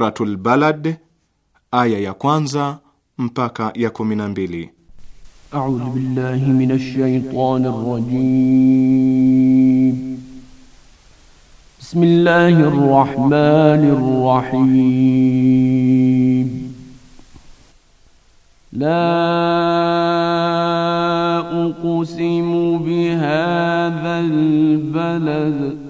Suratul Balad aya ya kwanza mpaka ya kumi na mbili. A'udhu billahi minash shaitanir rajim. Bismillahir rahmanir rahim. La uqsimu bihadha albalad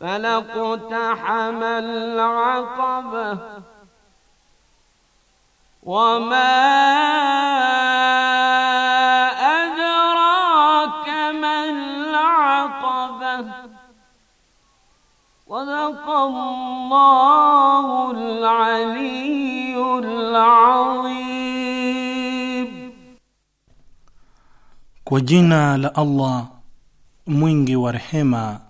فلقتحم العقبة وما أدراك ما العقبة صدق الله العلي العظيم وجنا لألله la ورحمه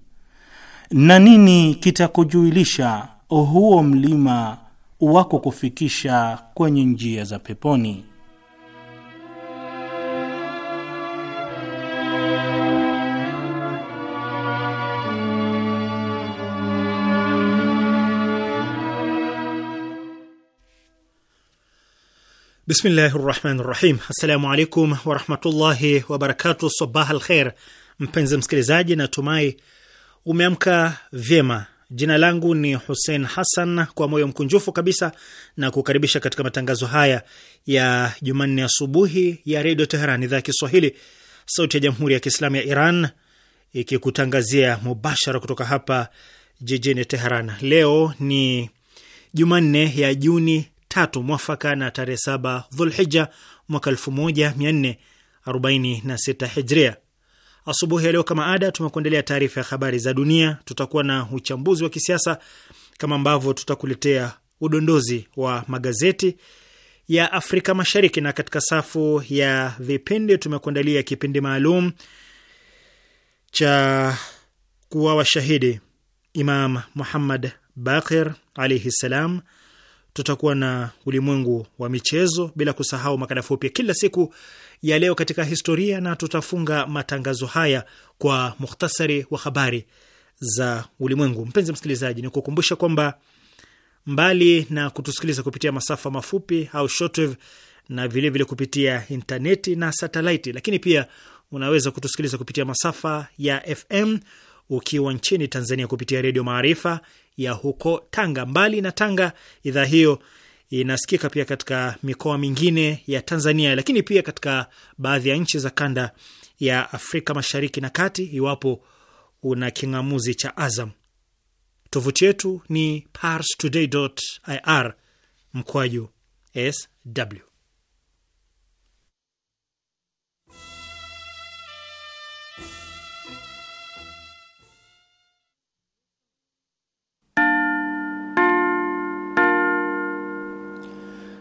na nini kitakujuilisha huo mlima wako kufikisha kwenye njia za peponi? Bismillahi rahmani rahim. Assalamu alaikum warahmatullahi wabarakatuh. Sabah al kher, mpenzi msikilizaji, natumai Umeamka vyema. Jina langu ni Hussein Hassan, kwa moyo mkunjufu kabisa na kukaribisha katika matangazo haya ya Jumanne asubuhi ya Redio Teheran, idhaa ya Kiswahili, sauti ya Jamhuri ya Kiislamu ya Iran, ikikutangazia mubashara kutoka hapa jijini Teheran. Leo ni Jumanne ya Juni tatu mwafaka na tarehe saba Dhulhija mwaka sita Hijria. Asubuhi ya leo kama ada, tumekuandalia taarifa ya habari za dunia, tutakuwa na uchambuzi wa kisiasa kama ambavyo tutakuletea udondozi wa magazeti ya Afrika Mashariki, na katika safu ya vipindi tumekuandalia kipindi maalum cha kuwa washahidi Imam Muhammad Baqir alaihi salam. Tutakuwa na ulimwengu wa michezo, bila kusahau makala fupi kila siku ya leo katika historia, na tutafunga matangazo haya kwa muhtasari wa habari za ulimwengu. Mpenzi msikilizaji, ni kukumbusha kwamba mbali na kutusikiliza kupitia masafa mafupi au shortwave na vilevile vile kupitia intaneti na satelaiti, lakini pia unaweza kutusikiliza kupitia masafa ya FM ukiwa nchini Tanzania kupitia Redio Maarifa ya huko Tanga. Mbali na Tanga, idhaa hiyo inasikika pia katika mikoa mingine ya Tanzania, lakini pia katika baadhi ya nchi za kanda ya Afrika Mashariki na Kati, iwapo una king'amuzi cha Azam. Tovuti yetu ni parstoday.ir mkwaju sw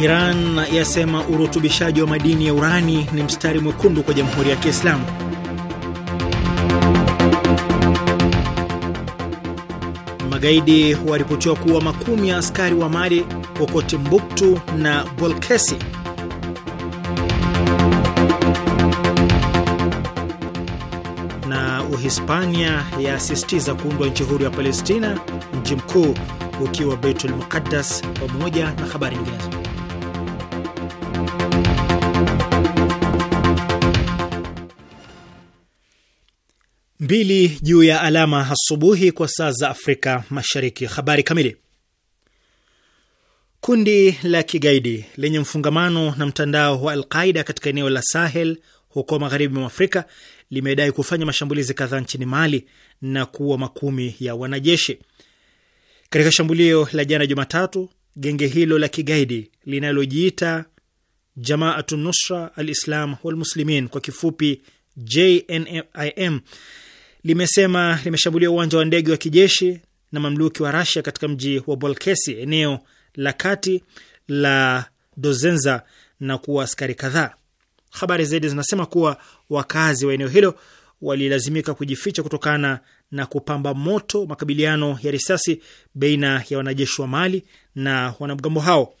Iran yasema urutubishaji wa madini ya urani ni mstari mwekundu kwa Jamhuri ya Kiislamu. Magaidi waripotiwa kuwa makumi ya askari wa Mali huko Timbuktu na Bolkesi. Na Uhispania yasisitiza kuundwa nchi huru ya Palestina, mji mkuu ukiwa Beitul Muqaddas, pamoja na habari nyinginezo. mbili juu ya alama asubuhi kwa saa za Afrika Mashariki. Habari kamili. Kundi la kigaidi lenye mfungamano na mtandao wa Alqaida katika eneo la Sahel huko magharibi mwa Afrika limedai kufanya mashambulizi kadhaa nchini Mali na kuua makumi ya wanajeshi. Katika shambulio la jana Jumatatu, genge hilo la kigaidi linalojiita Jamaatu Nusra walmuslimin kwa kifupi JNIM, limesema limeshambulia uwanja wa ndege wa kijeshi na mamluki wa Rasia katika mji wa Bolkesi, eneo la kati la Dozenza na kuwa askari kadhaa. Habari zaidi zinasema kuwa wakazi wa eneo hilo walilazimika kujificha kutokana na kupamba moto makabiliano ya risasi baina ya wanajeshi wa Mali na wanamgambo hao.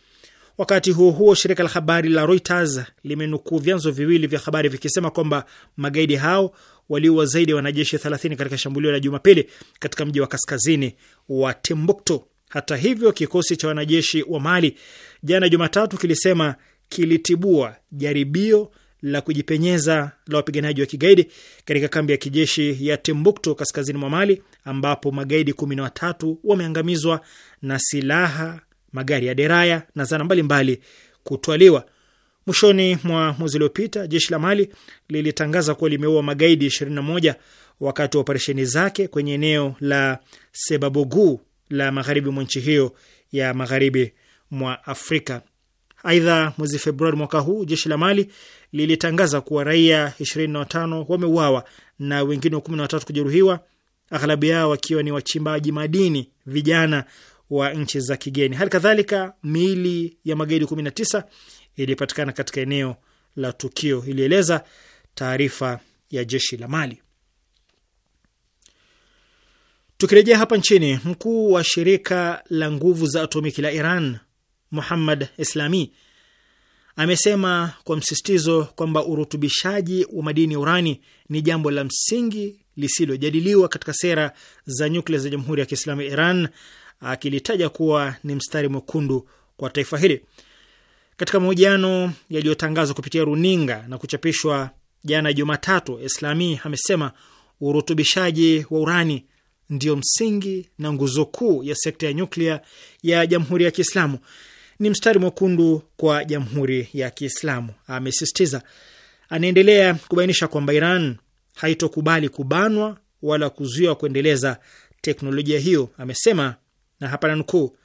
Wakati huo huo, shirika la habari la Reuters limenukuu vyanzo viwili vya habari vikisema kwamba magaidi hao waliua zaidi ya wanajeshi 30 katika shambulio la Jumapili katika mji wa kaskazini wa Timbuktu. Hata hivyo, kikosi cha wanajeshi wa Mali jana Jumatatu kilisema kilitibua jaribio la kujipenyeza la wapiganaji wa kigaidi katika kambi ya kijeshi ya Timbuktu kaskazini mwa Mali ambapo magaidi kumi na watatu wameangamizwa na silaha, magari ya deraya na zana mbalimbali kutwaliwa. Mwishoni mwa mwezi uliopita jeshi la Mali lilitangaza kuwa limeua magaidi 21 wakati wa operesheni zake kwenye eneo la Sebabogu la magharibi mwa nchi hiyo ya magharibi mwa Afrika. Aidha, mwezi Februari mwaka huu jeshi la Mali lilitangaza kuwa raia 25 wameuawa na wengine 13 kujeruhiwa, aghlabu yao wakiwa ni wachimbaji madini vijana wa nchi za kigeni. Hali kadhalika miili ya magaidi 19 ilipatikana katika eneo la tukio, ilieleza taarifa ya jeshi la Mali. Tukirejea hapa nchini, mkuu wa shirika la nguvu za atomiki la Iran Muhammad Islami amesema kwa msisitizo kwamba urutubishaji wa madini ya urani ni jambo la msingi lisilojadiliwa katika sera za nyuklia za Jamhuri ya Kiislamu ya Iran, akilitaja kuwa ni mstari mwekundu kwa taifa hili. Katika mahojiano yaliyotangazwa kupitia runinga na kuchapishwa jana Jumatatu, Islami amesema urutubishaji wa urani ndio msingi na nguzo kuu ya sekta ya nyuklia ya Jamhuri ya Kiislamu. Ni mstari mwekundu kwa Jamhuri ya Kiislamu, amesisitiza. Anaendelea kubainisha kwamba Iran haitokubali kubanwa wala kuzuiwa kuendeleza teknolojia hiyo. Amesema na hapa nanukuu,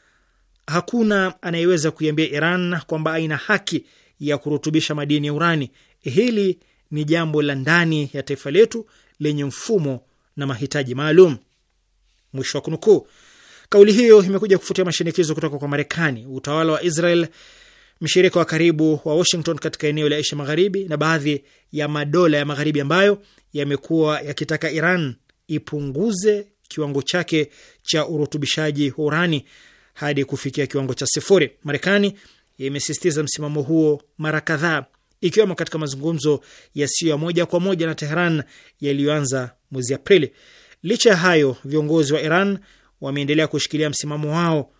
Hakuna anayeweza kuiambia Iran kwamba aina haki ya kurutubisha madini ya urani. Hili ni jambo la ndani ya taifa letu lenye mfumo na mahitaji maalum. Mwisho wa kunukuu. Kauli hiyo imekuja kufutia mashinikizo kutoka kwa Marekani, utawala wa Israel, mshirika wa karibu wa Washington katika eneo la Asia Magharibi, na baadhi ya madola ya Magharibi ambayo yamekuwa yakitaka Iran ipunguze kiwango chake cha urutubishaji wa urani hadi kufikia kiwango cha sifuri. Marekani imesisitiza msimamo huo mara kadhaa, ikiwemo katika mazungumzo yasiyo ya moja kwa moja na Teheran yaliyoanza mwezi Aprili. Licha ya hayo, viongozi wa Iran wameendelea kushikilia msimamo wao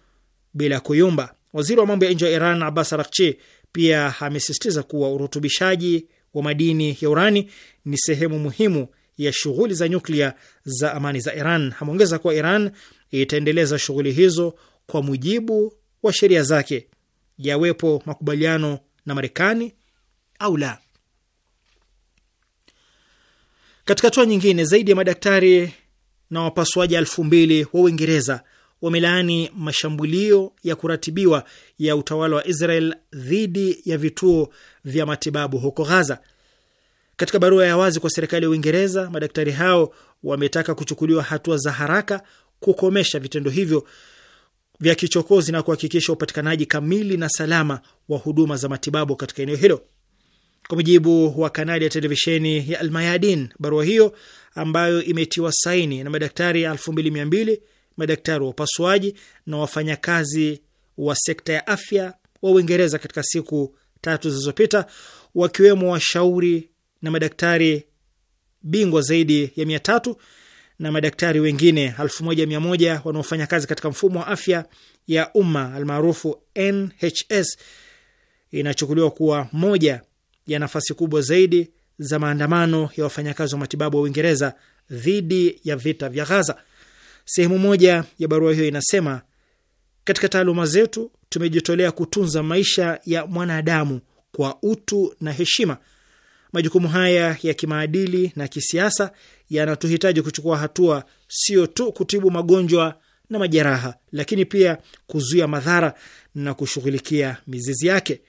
bila kuyumba. Waziri wa mambo ya nje wa Iran Abbas Araghchi pia amesisitiza kuwa urutubishaji wa madini ya urani ni sehemu muhimu ya shughuli za nyuklia za amani za Iran. Ameongeza kuwa Iran itaendeleza shughuli hizo kwa mujibu wa sheria zake, yawepo makubaliano na Marekani au la. Katika hatua nyingine, zaidi ya madaktari na wapasuaji elfu mbili wa Uingereza wamelaani mashambulio ya kuratibiwa ya utawala wa Israel dhidi ya vituo vya matibabu huko Ghaza. Katika barua ya wazi kwa serikali ya Uingereza, madaktari hao wametaka kuchukuliwa hatua za haraka kukomesha vitendo hivyo vya kichokozi na kuhakikisha upatikanaji kamili na salama wa huduma za matibabu katika eneo hilo. Kwa mujibu wa kanali ya televisheni ya Almayadin, barua hiyo ambayo imetiwa saini na madaktari 2200 madaktari wa upasuaji na wafanyakazi wa sekta ya afya wa Uingereza katika siku tatu zilizopita, wakiwemo washauri na madaktari bingwa zaidi ya mia tatu na madaktari wengine 1100 wanaofanya kazi katika mfumo wa afya ya umma almaarufu NHS inachukuliwa kuwa moja ya nafasi kubwa zaidi za maandamano ya wafanyakazi wa matibabu wa Uingereza dhidi ya vita vya Ghaza. Sehemu moja ya barua hiyo inasema, katika taaluma zetu tumejitolea kutunza maisha ya mwanadamu kwa utu na heshima Majukumu haya ya kimaadili na kisiasa yanatuhitaji kuchukua hatua, sio tu kutibu magonjwa na majeraha, lakini pia kuzuia madhara na kushughulikia mizizi yake.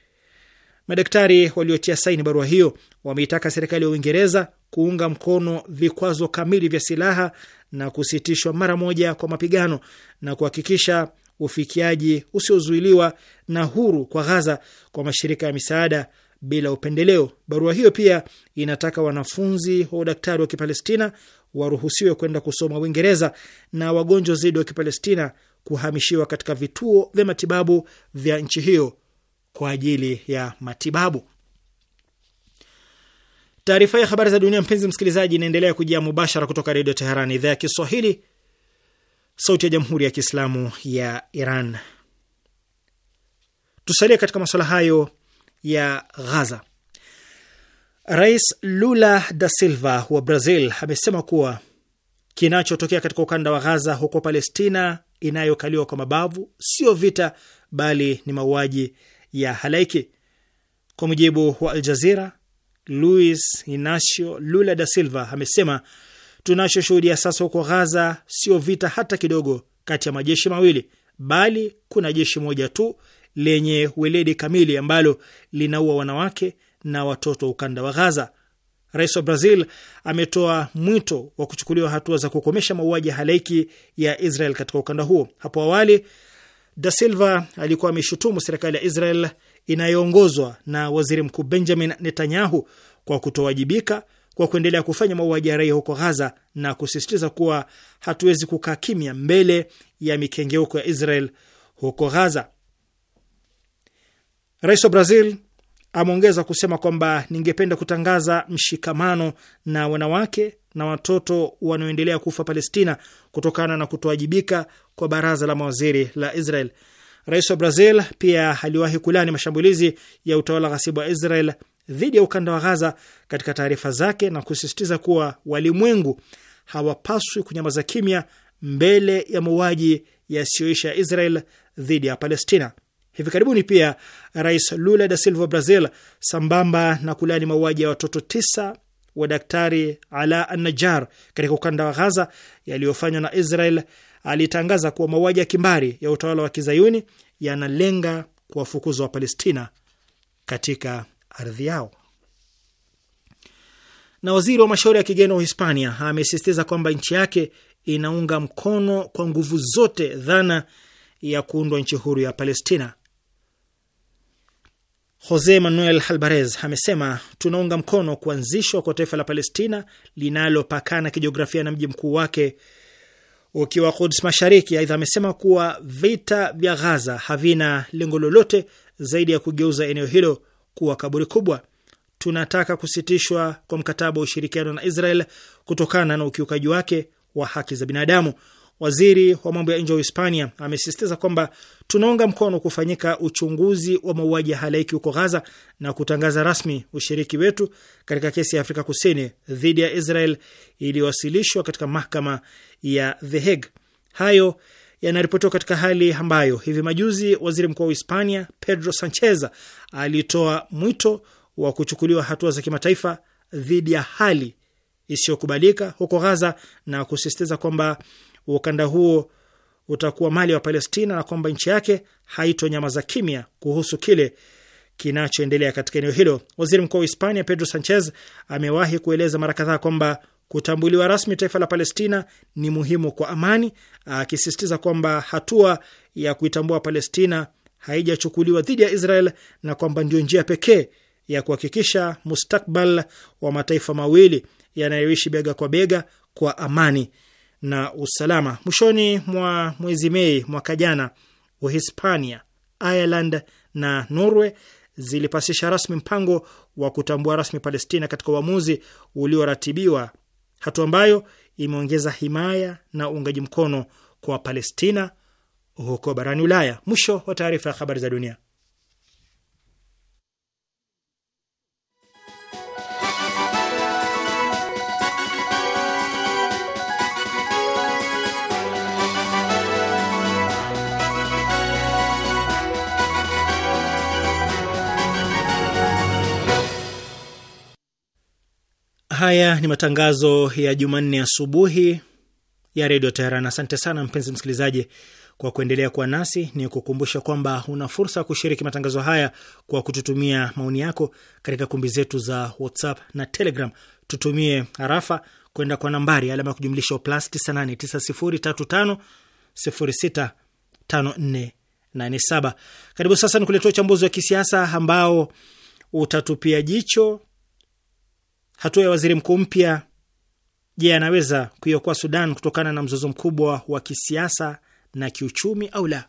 Madaktari waliotia saini barua hiyo wameitaka serikali ya Uingereza kuunga mkono vikwazo kamili vya silaha na kusitishwa mara moja kwa mapigano na kuhakikisha ufikiaji usiozuiliwa na huru kwa Ghaza kwa mashirika ya misaada bila upendeleo. Barua hiyo pia inataka wanafunzi wa udaktari wa Kipalestina waruhusiwe kwenda kusoma Uingereza na wagonjwa zaidi wa Kipalestina kuhamishiwa katika vituo vya matibabu vya nchi hiyo kwa ajili ya matibabu. Taarifa ya habari za dunia, mpenzi msikilizaji, inaendelea kujia mubashara kutoka Redio Teheran, idhaa ya Kiswahili, sauti ya Jamhuri ya Kiislamu ya Iran. Tusalie katika masuala hayo ya Ghaza. Rais Lula da Silva wa Brazil amesema kuwa kinachotokea katika ukanda wa Ghaza huko Palestina inayokaliwa kwa mabavu sio vita, bali ni mauaji ya halaiki. Kwa mujibu wa Al Jazira, Luis Inacio Lula da Silva amesema tunachoshuhudia sasa huko Ghaza sio vita hata kidogo kati ya majeshi mawili, bali kuna jeshi moja tu lenye weledi kamili ambalo linaua wanawake na watoto ukanda wa Gaza. Rais wa Brazil ametoa mwito wa kuchukuliwa hatua za kukomesha mauaji ya halaiki ya Israel katika ukanda huo. Hapo awali, Da Silva alikuwa ameshutumu serikali ya Israel inayoongozwa na waziri mkuu Benjamin Netanyahu kwa kutowajibika kwa kuendelea kufanya mauaji ya raia huko ghaza na kusisitiza kuwa hatuwezi kukaa kimya mbele ya mikengeuko ya Israel huko Ghaza. Rais wa Brazil ameongeza kusema kwamba ningependa kutangaza mshikamano na wanawake na watoto wanaoendelea kufa Palestina kutokana na kutowajibika kwa baraza la mawaziri la Israel. Rais wa Brazil pia aliwahi kulani mashambulizi ya utawala ghasibu wa Israel dhidi ya ukanda wa Ghaza katika taarifa zake na kusisitiza kuwa walimwengu hawapaswi kunyamaza kimya mbele ya mauaji yasiyoisha ya Israel dhidi ya Palestina. Hivi karibuni pia Rais Lula da Silva Brazil, sambamba na kulani mauaji ya watoto tisa wa Daktari Ala an katika ukanda wa Ghaza yaliyofanywa na Israel, alitangaza kuwa mauaji ya kimbari ya utawala wa kizayuni yanalenga kuwafukuza Wapalestina katika ardhi yao. Na waziri wa mashauri ya kigeni wa Hispania amesisitiza kwamba nchi yake inaunga mkono kwa nguvu zote dhana ya kuundwa nchi huru ya Palestina. Jose Manuel Albares amesema tunaunga mkono kuanzishwa kwa taifa la Palestina linalopakana kijiografia na mji mkuu wake ukiwa Kuds Mashariki. Aidha amesema kuwa vita vya Ghaza havina lengo lolote zaidi ya kugeuza eneo hilo kuwa kaburi kubwa. Tunataka kusitishwa kwa mkataba wa ushirikiano na Israel kutokana na ukiukaji wake wa haki za binadamu. Waziri wa mambo ya nje wa Hispania amesisitiza kwamba tunaunga mkono kufanyika uchunguzi wa mauaji ya halaiki huko Ghaza na kutangaza rasmi ushiriki wetu katika kesi ya Afrika Kusini dhidi ya Israel iliyowasilishwa katika mahakama ya The Hague. Hayo yanaripotiwa katika hali ambayo hivi majuzi waziri mkuu wa Hispania Pedro Sanchez alitoa mwito wa kuchukuliwa hatua za kimataifa dhidi ya hali isiyokubalika huko Ghaza na kusisitiza kwamba ukanda huo utakuwa mali ya Palestina na kwamba nchi yake haito za kimya kuhusu kile kinachoendelea katika eneo hilo. Waziri mkuu wa Hispania Pedro Sanchez amewahi kueleza mara kadhaa kwamba kutambuliwa rasmi taifa la Palestina ni muhimu kwa amani, akisisitiza kwamba hatua ya kuitambua Palestina haijachukuliwa dhidi ya Israel na kwamba ndio njia pekee ya kuhakikisha mustakbal wa mataifa mawili yanayoishi bega kwa bega kwa amani na usalama. Mwishoni mwa mwezi Mei mwaka jana, Uhispania, Ireland na Norway zilipasisha rasmi mpango wa kutambua rasmi Palestina katika uamuzi ulioratibiwa, hatua ambayo imeongeza himaya na uungaji mkono kwa Palestina huko barani Ulaya. Mwisho wa taarifa ya habari za dunia. haya ni matangazo ya Jumanne asubuhi ya redio Teheran. Asante sana mpenzi msikilizaji kwa kuendelea kuwa nasi. Ni kukumbusha kwamba una fursa ya kushiriki matangazo haya kwa kututumia maoni yako katika kumbi zetu za WhatsApp na Telegram. Tutumie arafa kwenda kwa nambari alama ya kujumlisha plus 989035065487. Karibu sasa ni kuletea uchambuzi wa kisiasa ambao utatupia jicho Hatua ya waziri mkuu mpya, je, anaweza kuiokoa Sudan kutokana na mzozo mkubwa wa kisiasa na kiuchumi au la?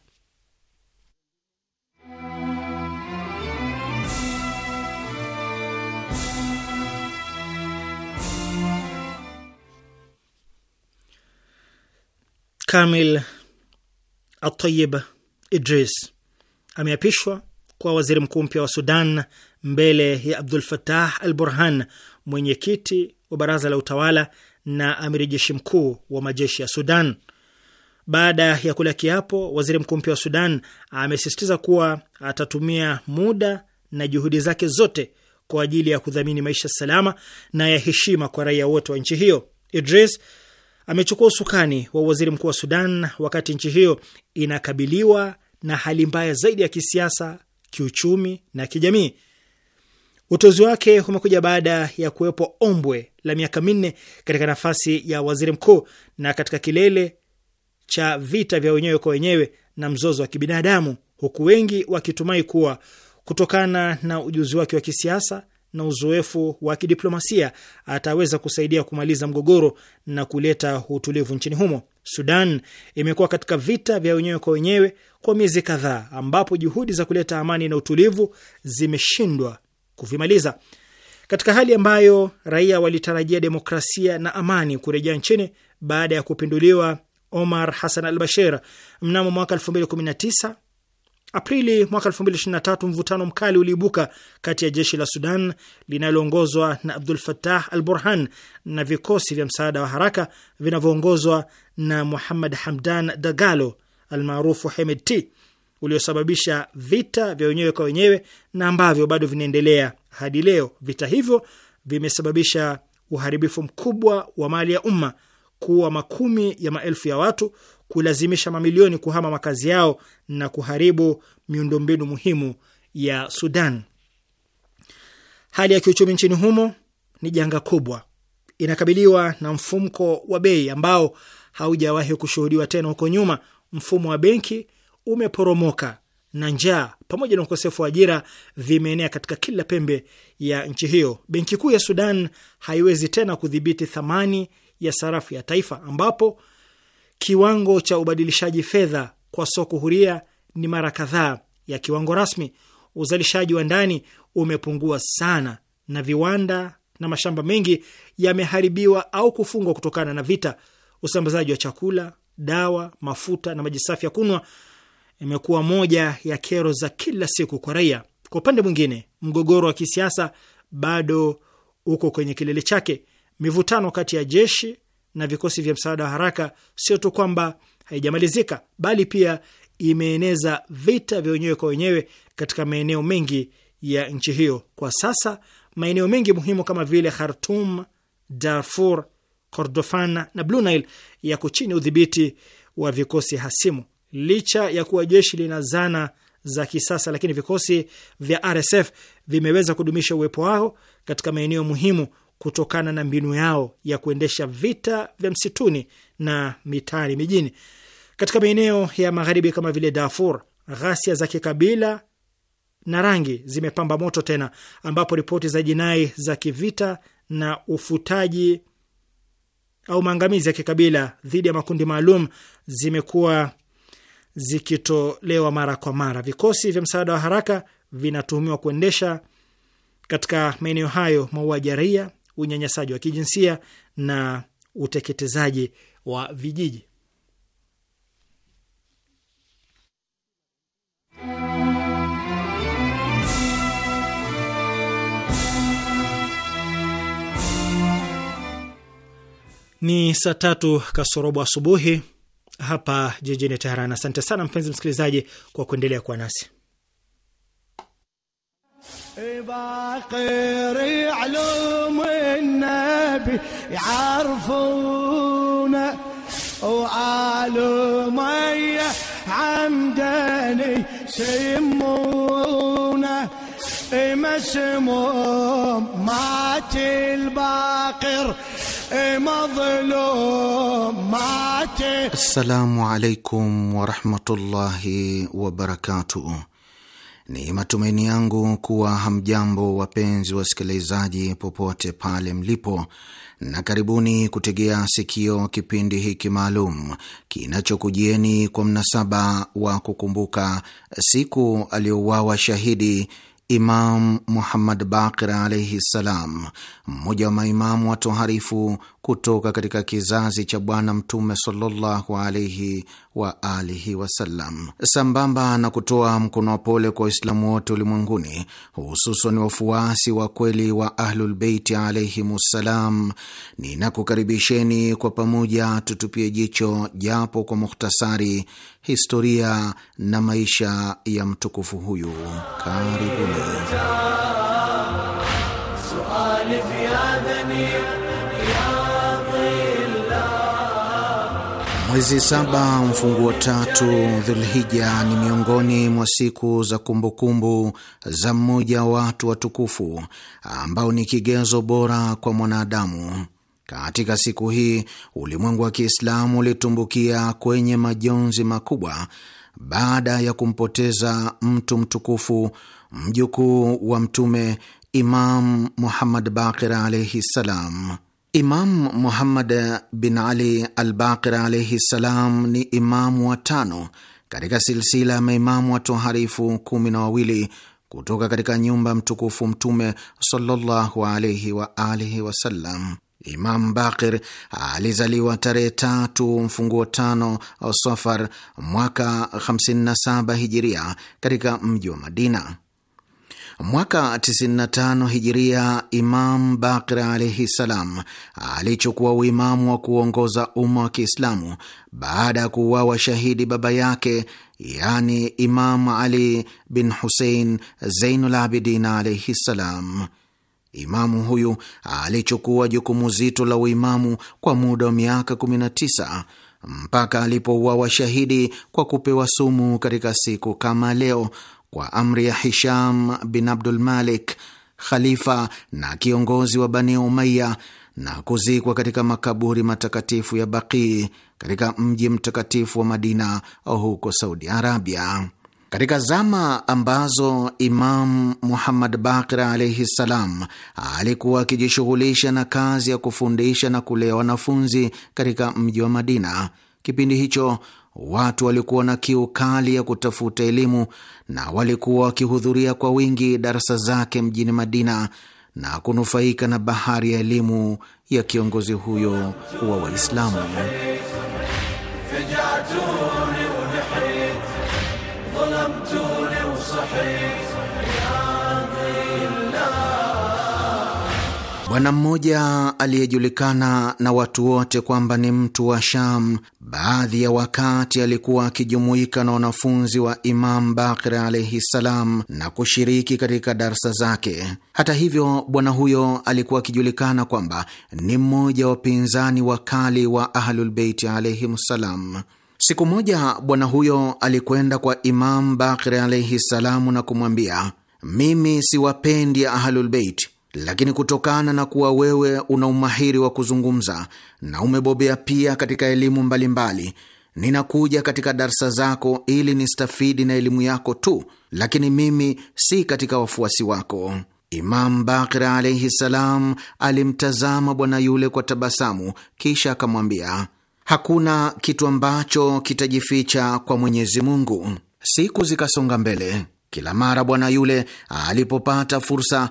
Kamil Atayib Idris ameapishwa kwa waziri mkuu mpya wa Sudan mbele ya Abdul Fatah Al Burhan, mwenyekiti wa baraza la utawala na amiri jeshi mkuu wa majeshi ya Sudan. Baada ya kula kiapo, waziri mkuu mpya wa Sudan amesisitiza kuwa atatumia muda na juhudi zake zote kwa ajili ya kudhamini maisha salama na ya heshima kwa raia wote wa nchi hiyo. Idris amechukua usukani wa waziri mkuu wa Sudan wakati nchi hiyo inakabiliwa na hali mbaya zaidi ya kisiasa, kiuchumi na kijamii. Uteuzi wake umekuja baada ya kuwepo ombwe la miaka minne katika nafasi ya waziri mkuu na katika kilele cha vita vya wenyewe kwa wenyewe na mzozo wa kibinadamu, huku wengi wakitumai kuwa kutokana na ujuzi wake wa kisiasa na uzoefu wa kidiplomasia ataweza kusaidia kumaliza mgogoro na kuleta utulivu nchini humo. Sudan imekuwa katika vita vya wenyewe kwa wenyewe kwa miezi kadhaa, ambapo juhudi za kuleta amani na utulivu zimeshindwa kuvimaliza. Katika hali ambayo raia walitarajia demokrasia na amani kurejea nchini baada ya kupinduliwa Omar Hassan al Bashir mnamo mwaka 2019, Aprili mwaka 2023, mvutano mkali uliibuka kati ya jeshi la Sudan linaloongozwa na Abdul Fattah al Burhan na vikosi vya msaada wa haraka vinavyoongozwa na Muhammad Hamdan Dagalo almaarufu Hemed T uliosababisha vita vya wenyewe kwa wenyewe na ambavyo bado vinaendelea hadi leo. Vita hivyo vimesababisha uharibifu mkubwa wa mali ya umma, kuwa makumi ya maelfu ya watu, kulazimisha mamilioni kuhama makazi yao na kuharibu miundombinu muhimu ya Sudan. Hali ya kiuchumi nchini humo ni janga kubwa, inakabiliwa na mfumko wa bei ambao haujawahi kushuhudiwa tena huko nyuma. Mfumo wa benki umeporomoka na njaa pamoja na ukosefu wa ajira vimeenea katika kila pembe ya nchi hiyo. Benki Kuu ya Sudan haiwezi tena kudhibiti thamani ya sarafu ya taifa, ambapo kiwango cha ubadilishaji fedha kwa soko huria ni mara kadhaa ya kiwango rasmi. Uzalishaji wa ndani umepungua sana na viwanda na mashamba mengi yameharibiwa au kufungwa kutokana na vita. Usambazaji wa chakula, dawa, mafuta na maji safi ya kunywa imekuwa moja ya kero za kila siku kwa raia. Kwa upande mwingine, mgogoro wa kisiasa bado uko kwenye kilele chake. Mivutano kati ya jeshi na vikosi vya msaada wa haraka sio tu kwamba haijamalizika, bali pia imeeneza vita vya wenyewe kwa wenyewe katika maeneo mengi ya nchi hiyo. Kwa sasa maeneo mengi muhimu kama vile Khartum, Darfur, Kordofan na Blue Nile yako chini ya udhibiti wa vikosi hasimu. Licha ya kuwa jeshi lina zana za kisasa, lakini vikosi vya RSF vimeweza kudumisha uwepo wao katika maeneo muhimu kutokana na mbinu yao ya kuendesha vita vya msituni na mitari mijini. Katika maeneo ya magharibi kama vile Darfur, ghasia za kikabila na rangi zimepamba moto tena, ambapo ripoti za jinai za kivita na ufutaji au maangamizi ya kikabila dhidi ya makundi maalum zimekuwa zikitolewa mara kwa mara. Vikosi vya msaada wa haraka vinatuhumiwa kuendesha katika maeneo hayo mauaji ya raia, unyanyasaji wa kijinsia na uteketezaji wa vijiji. Ni saa tatu kasorobo asubuhi hapa jijini Teheran. Asante sana mpenzi msikilizaji kwa kuendelea kuwa nasi. باقر علوم E Assalamu alaikum warahmatullahi wabarakatuh. Ni matumaini yangu kuwa hamjambo, wapenzi wasikilizaji, popote pale mlipo, na karibuni kutegea sikio kipindi hiki maalum kinachokujieni kwa mnasaba wa kukumbuka siku aliyouawa shahidi Imam Muhammad Baqir alaihi ssalam, mmoja wa maimamu watoharifu kutoka katika kizazi cha Bwana Mtume sallallahu alaihi wa alihi wasallam, sambamba na kutoa mkono wa pole kwa Waislamu wote ulimwenguni, hususan wafuasi wa kweli wa Ahlulbeiti alaihimussalam. Ninakukaribisheni kwa pamoja tutupie jicho japo kwa mukhtasari historia na maisha ya mtukufu huyu. Karibuni. Mwezi saba wa tatu Dhulhija ni miongoni mwa siku za kumbukumbu za mmoja wa watu watukufu ambao ni kigezo bora kwa mwanadamu. Katika siku hii ulimwengu wa Kiislamu ulitumbukia kwenye majonzi makubwa baada ya kumpoteza mtu mtukufu, mjukuu wa Mtume Imam Muhammad Bakir alaihi ssalam. Imam Muhammad bin Ali Albaqir alaihi ssalam ni imamu wa tano katika silsila ya maimamu watoharifu kumi na wawili kutoka katika nyumba ya mtukufu Mtume sallallahu alaihi wa alihi wasallam. Imam Bakir alizaliwa tarehe tatu mfunguo tano Safar mwaka 57 hijiria katika mji wa Madina. Mwaka 95 hijiria, Imam Bakir alaihi ssalam alichukua uimamu wa kuongoza umma wa Kiislamu baada ya kuuawa shahidi baba yake, yani Imam Ali bin Husein zeinulabidin Abidin alaihi ssalam. Imamu huyu alichukua jukumu zito la uimamu kwa muda wa miaka 19 mpaka alipouawa shahidi kwa kupewa sumu katika siku kama leo kwa amri ya Hisham bin Abdul Malik, khalifa na kiongozi wa Bani Umaya, na kuzikwa katika makaburi matakatifu ya Baqii katika mji mtakatifu wa Madina huko Saudi Arabia. Katika zama ambazo Imam Muhammad Baqir alaihi ssalam alikuwa akijishughulisha na kazi ya kufundisha na kulea wanafunzi katika mji wa Madina, kipindi hicho watu walikuwa na kiu kali ya kutafuta elimu na walikuwa wakihudhuria kwa wingi darasa zake mjini Madina na kunufaika na bahari ya elimu ya kiongozi huyo wa Waislamu. Bwana mmoja aliyejulikana na watu wote kwamba ni mtu wa Sham, baadhi ya wakati alikuwa akijumuika na wanafunzi wa Imam Bakir alaihi ssalam na kushiriki katika darsa zake. Hata hivyo, bwana huyo alikuwa akijulikana kwamba ni mmoja wa wapinzani wakali wa Ahlulbeiti alaihim ssalam. Siku moja bwana huyo alikwenda kwa Imam Bakir alaihi ssalamu na kumwambia, mimi siwapendi Ahlulbeiti lakini kutokana na kuwa wewe una umahiri wa kuzungumza na umebobea pia katika elimu mbalimbali, ninakuja katika darsa zako ili nistafidi na elimu yako tu, lakini mimi si katika wafuasi wako. Imam Bakir alaihi salam alimtazama bwana yule kwa tabasamu, kisha akamwambia, hakuna kitu ambacho kitajificha kwa Mwenyezi Mungu. Siku zikasonga mbele. Kila mara bwana yule alipopata fursa,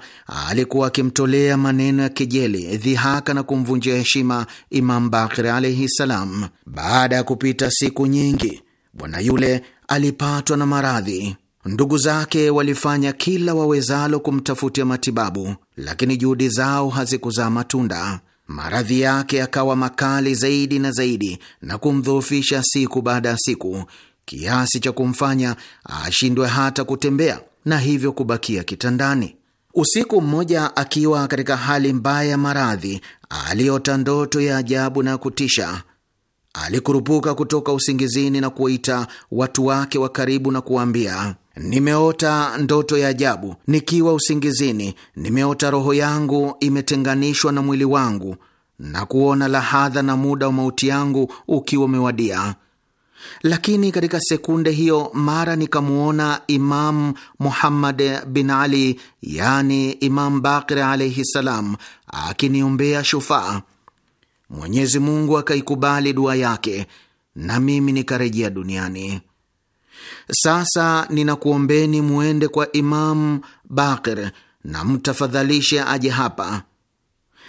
alikuwa akimtolea maneno ya kejeli, dhihaka na kumvunjia heshima Imam Bakir alaihi salam. Baada ya kupita siku nyingi, bwana yule alipatwa na maradhi. Ndugu zake walifanya kila wawezalo kumtafutia matibabu, lakini juhudi zao hazikuzaa matunda. Maradhi yake yakawa makali zaidi na zaidi na kumdhoofisha siku baada ya siku, kiasi cha kumfanya ashindwe hata kutembea na hivyo kubakia kitandani. Usiku mmoja, akiwa katika hali mbaya ya maradhi, aliota ndoto ya ajabu na kutisha. Alikurupuka kutoka usingizini na kuwaita watu wake wa karibu na kuwaambia, nimeota ndoto ya ajabu. Nikiwa usingizini, nimeota roho yangu imetenganishwa na mwili wangu na kuona lahadha na muda wa mauti yangu ukiwa umewadia lakini katika sekunde hiyo mara nikamwona Imam Muhammad bin Ali, yani Imam Bakir alaihi salam, akiniombea shufaa. Mwenyezi Mungu akaikubali dua yake na mimi nikarejea duniani. Sasa ninakuombeni mwende kwa Imam Bakir na mtafadhalishe aje hapa.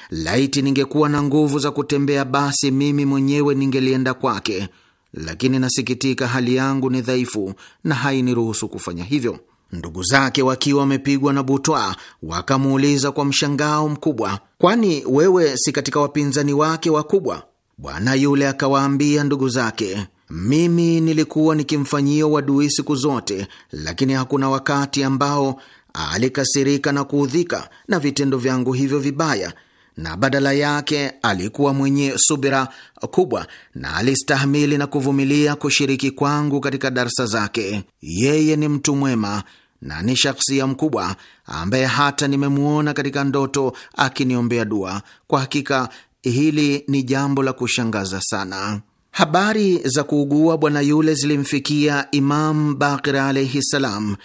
Laiti ningekuwa na nguvu za kutembea, basi mimi mwenyewe ningelienda kwake lakini nasikitika, hali yangu ni dhaifu na hainiruhusu kufanya hivyo. Ndugu zake wakiwa wamepigwa na butwa, wakamuuliza kwa mshangao mkubwa, kwani wewe si katika wapinzani wake wakubwa? Bwana yule akawaambia ndugu zake, mimi nilikuwa nikimfanyia wadui siku zote, lakini hakuna wakati ambao alikasirika na kuudhika na vitendo vyangu hivyo vibaya na badala yake alikuwa mwenye subira kubwa na alistahimili na kuvumilia kushiriki kwangu katika darsa zake. Yeye ni mtu mwema na ni shakhsia mkubwa ambaye hata nimemwona katika ndoto akiniombea dua. Kwa hakika hili ni jambo la kushangaza sana. Habari za kuugua bwana yule zilimfikia Imam Bakir alaihi ssalam,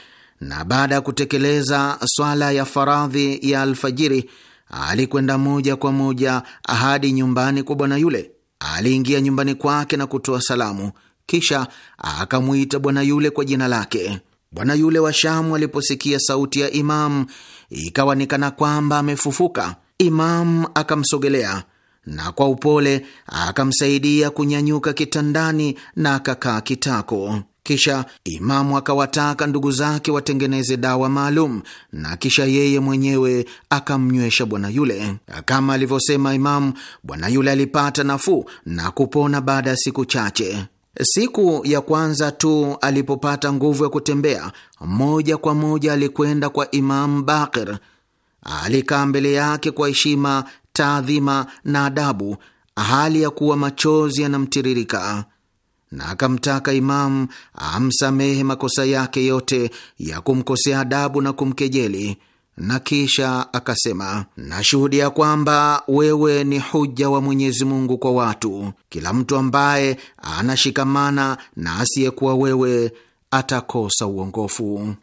na baada ya kutekeleza swala ya faradhi ya alfajiri alikwenda moja kwa moja hadi nyumbani kwa bwana yule. Aliingia nyumbani kwake na kutoa salamu, kisha akamwita bwana yule kwa jina lake. Bwana yule wa Shamu aliposikia sauti ya Imamu ikawa ni kana kwamba amefufuka. Imamu akamsogelea na kwa upole akamsaidia kunyanyuka kitandani na akakaa kitako. Kisha imamu akawataka ndugu zake watengeneze dawa maalum, na kisha yeye mwenyewe akamnywesha bwana yule. Kama alivyosema imamu, bwana yule alipata nafuu na kupona baada ya siku chache. Siku ya kwanza tu alipopata nguvu ya kutembea, moja kwa moja alikwenda kwa Imamu Bakir. Alikaa mbele yake kwa heshima, taadhima na adabu, hali ya kuwa machozi yanamtiririka na akamtaka Imamu amsamehe makosa yake yote ya kumkosea adabu na kumkejeli, na kisha akasema, nashuhudia kwamba wewe ni huja wa Mwenyezi Mungu kwa watu. Kila mtu ambaye anashikamana na asiyekuwa wewe atakosa uongofu.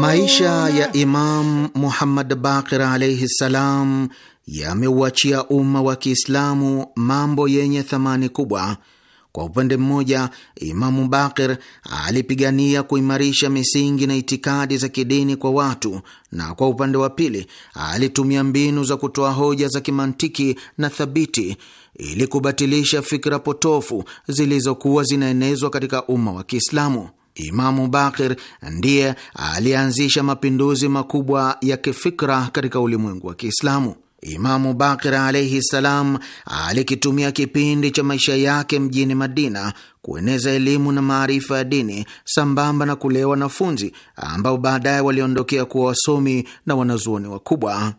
Maisha ya Imam Muhammad Baqir alaihi ssalam yameuachia umma wa Kiislamu mambo yenye thamani kubwa. Kwa upande mmoja, Imamu Baqir alipigania kuimarisha misingi na itikadi za kidini kwa watu, na kwa upande wa pili alitumia mbinu za kutoa hoja za kimantiki na thabiti ili kubatilisha fikra potofu zilizokuwa zinaenezwa katika umma wa Kiislamu. Imamu Bakir ndiye alianzisha mapinduzi makubwa ya kifikra katika ulimwengu wa Kiislamu. Imamu Bakir alaihi ssalam alikitumia kipindi cha maisha yake mjini Madina kueneza elimu na maarifa ya dini sambamba na kulea wanafunzi ambao baadaye waliondokea kuwa wasomi na wanazuoni wakubwa.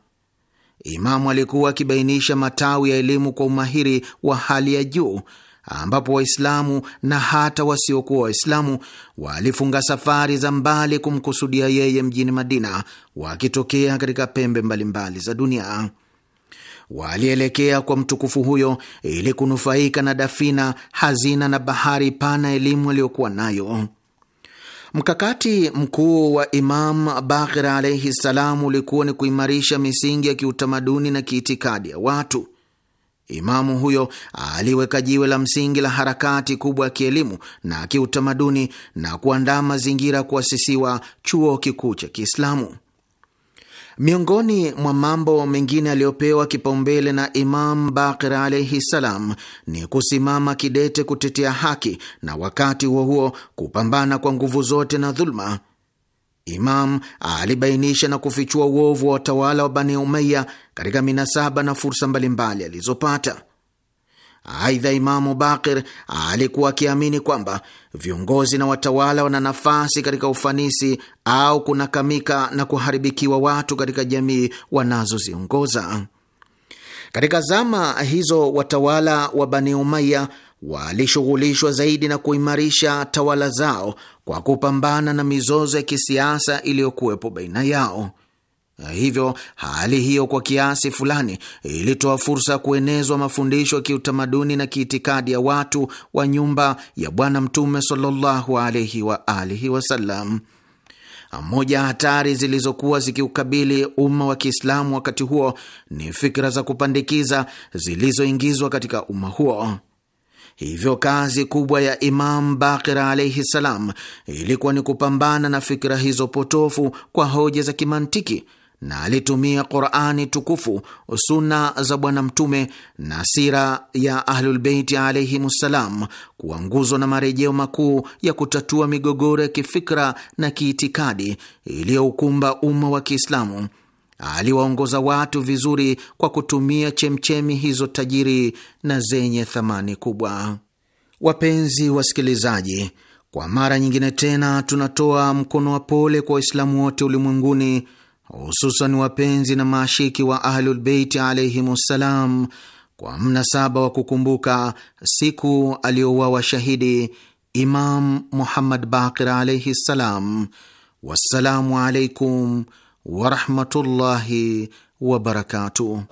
Imamu alikuwa akibainisha matawi ya elimu kwa umahiri wa hali ya juu ambapo Waislamu na hata wasiokuwa Waislamu walifunga safari za mbali kumkusudia yeye mjini Madina, wakitokea katika pembe mbalimbali mbali za dunia. Walielekea kwa mtukufu huyo ili kunufaika na dafina, hazina na bahari pana elimu aliyokuwa nayo. Mkakati mkuu wa Imam Bakir alaihi ssalam ulikuwa ni kuimarisha misingi ya kiutamaduni na kiitikadi ya watu Imamu huyo aliweka jiwe la msingi la harakati kubwa ya kielimu na kiutamaduni na kuandaa mazingira kuasisiwa chuo kikuu cha Kiislamu. Miongoni mwa mambo mengine aliyopewa kipaumbele na Imam Bakir alaihi salam ni kusimama kidete kutetea haki na wakati huo huo kupambana kwa nguvu zote na dhuluma. Imam alibainisha na kufichua uovu wa watawala wa Bani umeya katika minasaba na fursa mbalimbali alizopata. Aidha, Imamu Bakir alikuwa akiamini kwamba viongozi na watawala wana nafasi katika ufanisi au kunakamika na kuharibikiwa watu katika jamii wanazoziongoza. Katika zama hizo watawala wa Bani Umaya walishughulishwa zaidi na kuimarisha tawala zao kwa kupambana na mizozo ya kisiasa iliyokuwepo baina yao. Hivyo hali hiyo kwa kiasi fulani ilitoa fursa ya kuenezwa mafundisho ya kiutamaduni na kiitikadi ya watu wa nyumba ya Bwana Mtume sallallahu alaihi wa alihi wasallam. Moja hatari zilizokuwa zikiukabili umma wa Kiislamu wakati huo ni fikra za kupandikiza zilizoingizwa katika umma huo. Hivyo kazi kubwa ya Imam Bakir alaihi salam ilikuwa ni kupambana na fikira hizo potofu kwa hoja za kimantiki na alitumia Qurani tukufu, suna za Bwana Mtume na sira ya Ahlulbeiti ssalam kuwa nguzo na marejeo makuu ya kutatua migogoro ya kifikra na kiitikadi iliyoukumba umma wa Kiislamu aliwaongoza watu vizuri kwa kutumia chemchemi hizo tajiri na zenye thamani kubwa. Wapenzi wasikilizaji, kwa mara nyingine tena tunatoa mkono wa pole kwa Waislamu wote ulimwenguni, hususan wapenzi na maashiki wa Ahlulbeiti alaihimussalam kwa mnasaba wa kukumbuka siku aliyouawa shahidi Imam Muhammad Baqir alaihi ssalam. Wassalamu alaikum ورحمه الله وبركاته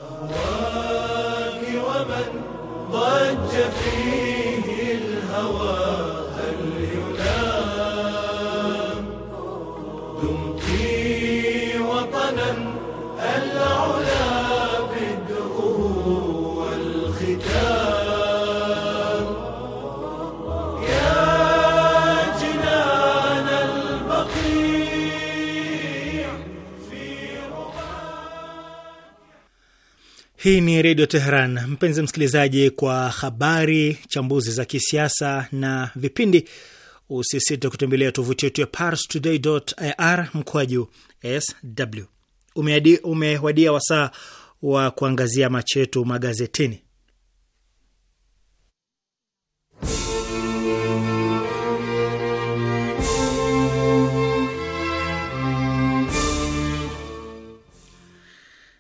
Hii ni Redio Teheran. Mpenzi msikilizaji, kwa habari, chambuzi za kisiasa na vipindi, usisite kutembelea tovuti yetu ya parstoday.ir mkwaju sw. Umewadia wasaa wa kuangazia machetu magazetini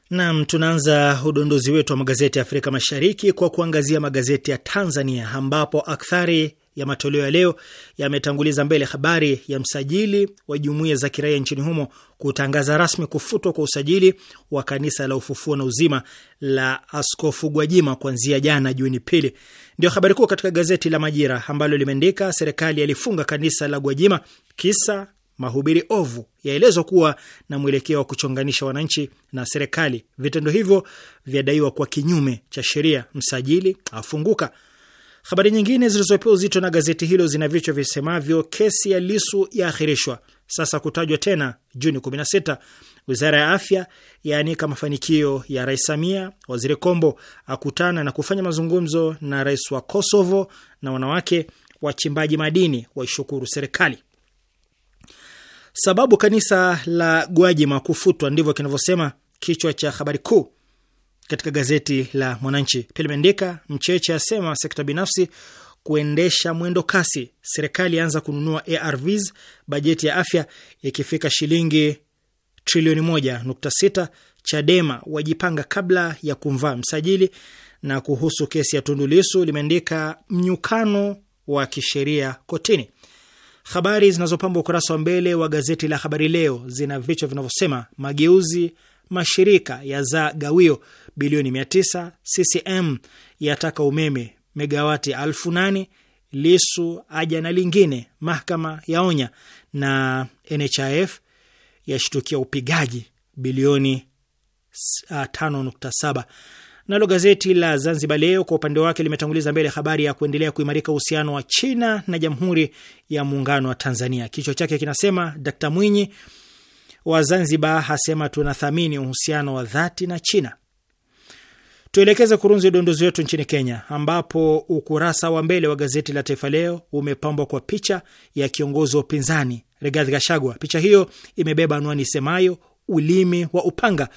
Nam, tunaanza udondozi wetu wa magazeti ya Afrika Mashariki kwa kuangazia magazeti ya Tanzania, ambapo akthari ya matoleo ya leo yametanguliza mbele habari ya msajili wa jumuiya za kiraia nchini humo kutangaza rasmi kufutwa kwa usajili wa kanisa la Ufufuo na Uzima la Askofu Gwajima kuanzia jana Juni pili. Ndio habari kuu katika gazeti la Majira ambalo limeandika serikali yalifunga kanisa la Gwajima kisa mahubiri ovu yaelezwa kuwa na mwelekeo wa kuchonganisha wananchi na serikali. Vitendo hivyo vyadaiwa kwa kinyume cha sheria, msajili afunguka. Habari nyingine zilizopewa uzito na gazeti hilo zina vichwa visemavyo: kesi ya Lisu yaahirishwa sasa kutajwa tena Juni 16, wizara ya afya yaanika mafanikio ya Rais Samia, waziri Kombo akutana na kufanya mazungumzo na rais wa Kosovo, na wanawake wachimbaji madini waishukuru serikali. Sababu kanisa la Gwajima kufutwa, ndivyo kinavyosema kichwa cha habari kuu katika gazeti la Mwananchi. Pia limeandika Mcheche asema sekta binafsi kuendesha mwendo kasi, serikali anza kununua ARVs, bajeti ya afya ikifika shilingi trilioni moja nukta sita. Chadema wajipanga kabla ya kumvaa msajili. Na kuhusu kesi ya Tundu limeandika mnyukano wa kisheria kotini. Habari zinazopambwa ukurasa wa mbele wa gazeti la Habari Leo zina vichwa vinavyosema mageuzi mashirika ya za gawio bilioni tisa CCM yataka umeme megawati 8 nane Lisu aja na lingine, mahakama yaonya, na NHIF yashtukia upigaji bilioni 5.7. Nalo gazeti la Zanzibar Leo kwa upande wake limetanguliza mbele habari ya kuendelea kuimarika uhusiano wa China na Jamhuri ya Muungano wa Tanzania. Kichwa chake kinasema Dkt Mwinyi wa Zanzibar hasema tunathamini uhusiano wa dhati na China. Tuelekeze kurunzi dondozi wetu nchini Kenya, ambapo ukurasa wa mbele wa gazeti la Taifa Leo umepambwa kwa picha ya kiongozi wa upinzani Rigathi Gashagwa. Picha hiyo imebeba anwani isemayo ulimi wa upanga,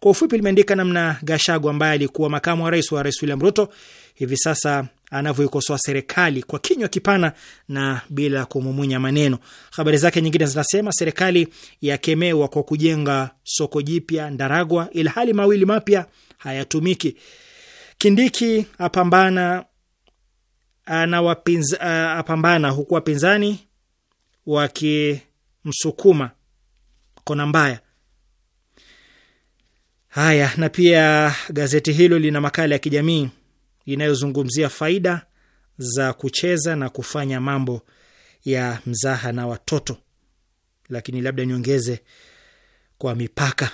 kwa ufupi limeandika namna Gashagu ambaye alikuwa makamu wa rais wa Rais William Ruto hivi sasa anavyoikosoa serikali kwa kinywa kipana na bila kumumunya maneno. Habari zake nyingine zinasema serikali yakemewa kwa kujenga soko jipya Ndaragwa, ilhali mawili mapya hayatumiki. Kindiki apambana na wapinz, apambana huku wapinzani wakimsukuma kona mbaya. Haya, na pia gazeti hilo lina makala ya kijamii inayozungumzia faida za kucheza na kufanya mambo ya mzaha na watoto, lakini labda niongeze kwa mipaka.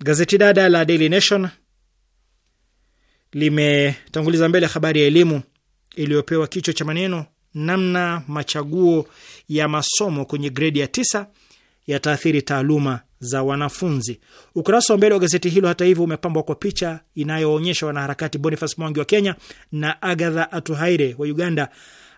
Gazeti dada la Daily Nation limetanguliza mbele habari ya elimu iliyopewa kichwa cha maneno namna machaguo ya masomo kwenye gredi ya tisa yataathiri taaluma za wanafunzi. Ukurasa wa mbele wa gazeti hilo, hata hivyo, umepambwa kwa picha inayoonyesha wanaharakati Boniface Mwangi wa Kenya na Agatha Atuhaire wa Uganda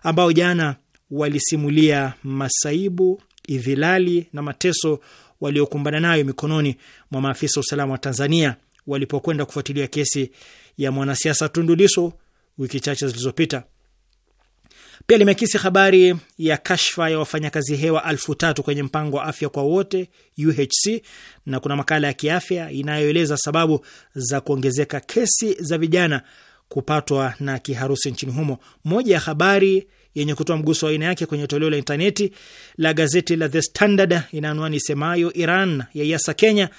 ambao jana walisimulia masaibu, idhilali na mateso waliokumbana nayo mikononi mwa maafisa wa usalama wa Tanzania walipokwenda kufuatilia kesi ya mwanasiasa Tundu Lissu wiki chache zilizopita. Pia limeakisi habari ya kashfa ya wafanyakazi hewa elfu tatu kwenye mpango wa afya kwa wote UHC, na kuna makala ya kiafya inayoeleza sababu za kuongezeka kesi za vijana kupatwa na kiharusi nchini humo. Moja ya habari yenye kutoa mguso wa aina yake kwenye toleo la intaneti la gazeti la The Standard ina anwani semayo Iran yaiasa Kenya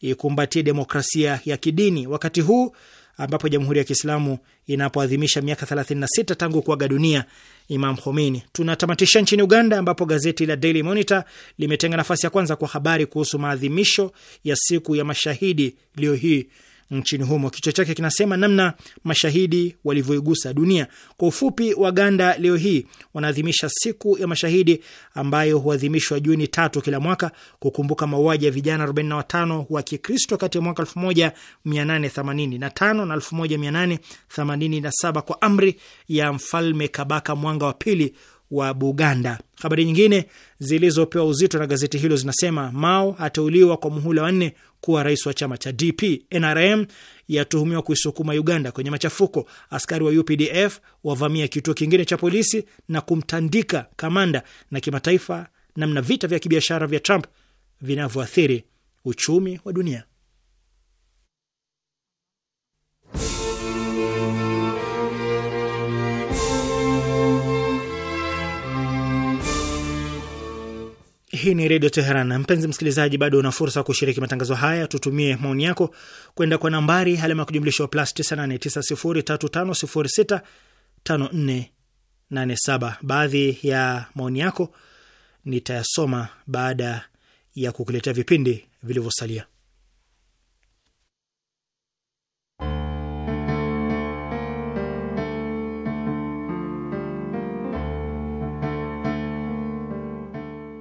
ikumbatie demokrasia ya kidini, wakati huu ambapo Jamhuri ya Kiislamu inapoadhimisha miaka 36 tangu kuaga dunia Imam Khomeini. Tunatamatisha nchini Uganda, ambapo gazeti la Daily Monitor limetenga nafasi ya kwanza kwa habari kuhusu maadhimisho ya siku ya mashahidi leo hii nchini humo. Kichwa chake kinasema namna mashahidi walivyoigusa dunia. Kwa ufupi, Waganda leo hii wanaadhimisha siku ya mashahidi ambayo huadhimishwa Juni tatu kila mwaka kukumbuka mauaji ya vijana 45 wa Kikristo kati ya mwaka 1885 na 1887 kwa amri ya Mfalme Kabaka Mwanga wa Pili wa Buganda. Habari nyingine zilizopewa uzito na gazeti hilo zinasema Mao ateuliwa kwa muhula wanne kuwa rais wa chama cha DP. NRM yatuhumiwa kuisukuma Uganda kwenye machafuko. Askari wa UPDF wavamia kituo kingine cha polisi na kumtandika kamanda. Na kimataifa, namna vita vya kibiashara vya Trump vinavyoathiri uchumi wa dunia. Hii ni Redio Teheran. Mpenzi msikilizaji, bado una fursa ya kushiriki matangazo haya. Tutumie maoni yako kwenda kwa nambari alama ya kujumlisha plus 989035065487. Baadhi ya maoni yako nitayasoma baada ya kukuletea vipindi vilivyosalia.